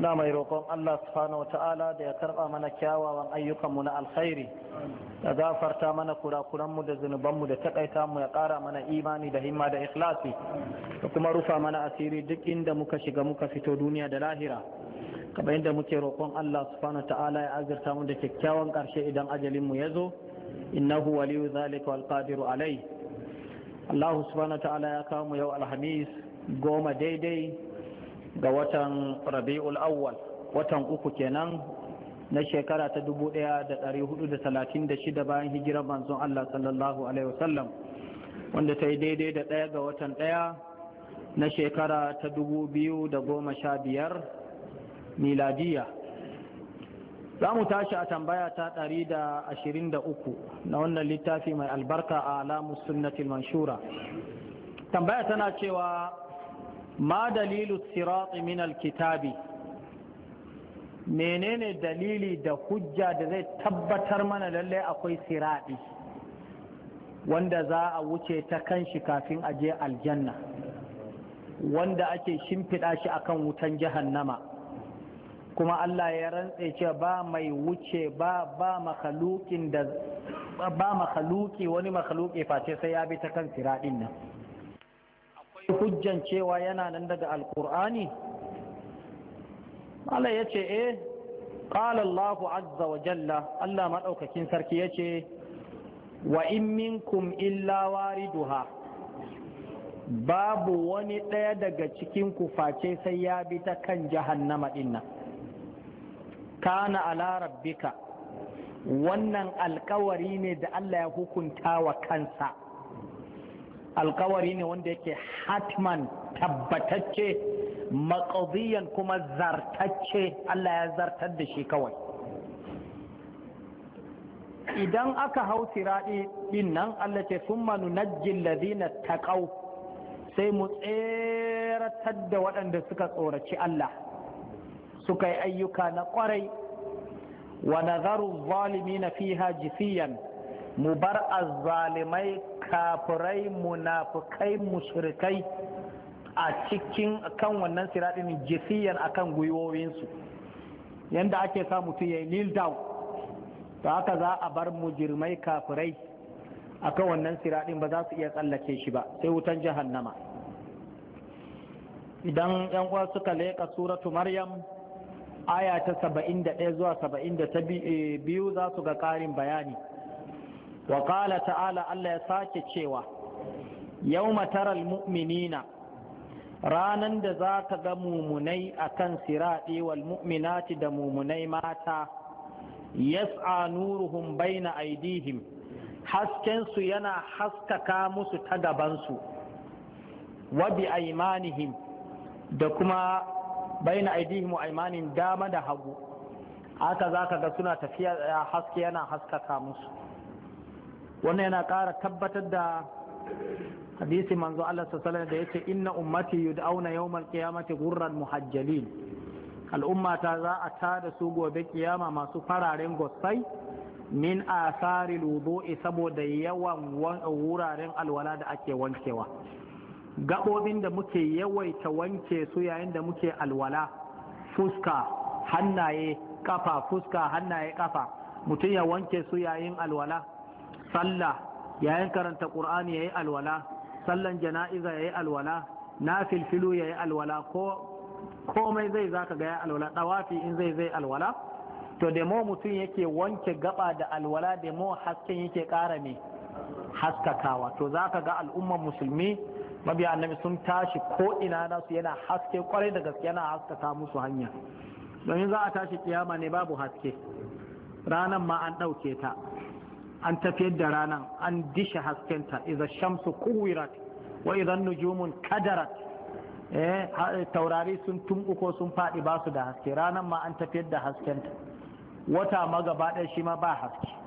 Ina mai roƙon Allah subhanahu wata'ala da ya karɓa mana kyawawan ayyukanmu na alkhairi da gafarta mana kurakuranmu da zunubanmu da takaita mu ya ƙara mana imani da himma da ikhlasi da kuma rufa mana asiri duk inda muka shiga muka fito duniya da lahira kamar inda muke roƙon Allah subhanahu wata'ala ya azurta mu da kyakkyawan ƙarshe idan ajalinmu ya zo innahu waliyu zalika wal qadiru alai Allah subhanahu wata'ala ya kawo mu yau alhamis goma daidai ga watan rabi'ul awwal watan uku kenan na shekara ta 1436 bayan hijirar manzon Allah sallallahu alaihi wasallam wanda ta yi daidai da ɗaya ga watan ɗaya na shekara ta 2015 miladiya za mu tashi a tambaya ta 123 na wannan littafi mai albarka a alamu sunnatil manshura tambaya tana cewa ma dalilu sirati min alkitabi menene dalili da hujja da zai tabbatar mana lallai akwai siraɗi wanda za a wuce ta kan shi kafin a je aljanna wanda ake shimfiɗa shi akan wutan jahannama kuma Allah ya rantse ce ba mai wuce ba ba ba makaluki wani makaluki face sai ya bi ta kan siraɗin nan hujjan cewa yana nan daga alkur'ani Allah ya ce eh qala Allahu azza wa jalla Allah madaukakin sarki ya ce wa in minkum illa wariduha babu wani ɗaya daga cikin ku face sai ya bi ta kan jahannama dinnan kana ala rabbika wannan alkawari ne da Allah ya hukunta wa kansa alkawari ne wanda yake hatman tabbatacce maƙadiyan kuma zartacce Allah ya zartar da shi kawai idan aka hau tiraɗi ɗin nan Allah ce sun manu najjin lazina taƙau sai mu tseratar da waɗanda suka tsoraci Allah suka yi ayyuka na ƙwarai wa nazaru zalimi na fiha jisiyan mu bar azzalimai kafirai munafukai mushrikai a cikin kan wannan siratin a kan gwiwoyinsu yadda ake sa mutum ya yi kneel haka za a bar mujirmai kafirai kan wannan siratin ba za su iya tsallake shi ba sai wutan jahannama idan yan uwa suka leƙa suratu maryam aya ta 71 zuwa 72 eh, za su ga ƙarin bayani wa qala ta'ala Allah ya sake cewa yau mataral mu'minina ranan da za ka ga mumunai akan siraɗi wal mu'minati da mumunai mata yas'a nuruhum baina aidihim haskensu yana haskaka musu ta gabansu wa bi aimanihim da kuma baina aidihim wa aimanin dama da hagu haka za ka ga suna tafiya haske yana haskaka musu wannan yana ƙara tabbatar da hadisi manzo Allah sallallahu da ya ce, inna ummati yud'auna al qiyamati ghurran muhajjalin al'umma ta za a tara su gobe kiyama masu fararen gossai min asari wudu'i saboda yawan wuraren alwala da ake wankewa Gabobin da muke yawaita wanke su yayin da muke alwala fuska hannaye kafa fuska hannaye kafa mutum ya wanke su yayin alwala sallah yayin karanta ya yi alwala sallan jana'iza ya yi alwala na nafil ya yi alwala ko komai zai zaka ga ya alwala ɗawafi in zai zai alwala to da mo mutum yake wanke gaba da alwala da mo hasken yake ƙara ne haskakawa to zaka ga al'ummar musulmi mabiya annabi sun tashi ko ina nasu yana haske kwarai da gaske yana haskaka musu hanya domin za a tashi kiyama ne babu haske ranan ma an ɗauke ta an tafiyar da ranar an disha haskenta iza shamsu kuwirat wa idan nujumun kadarat eh taurari sun tumbuko sun faɗi ba su da haske ranar ma an tafiyar da haskenta wata ma ɗaya shi ma ba haske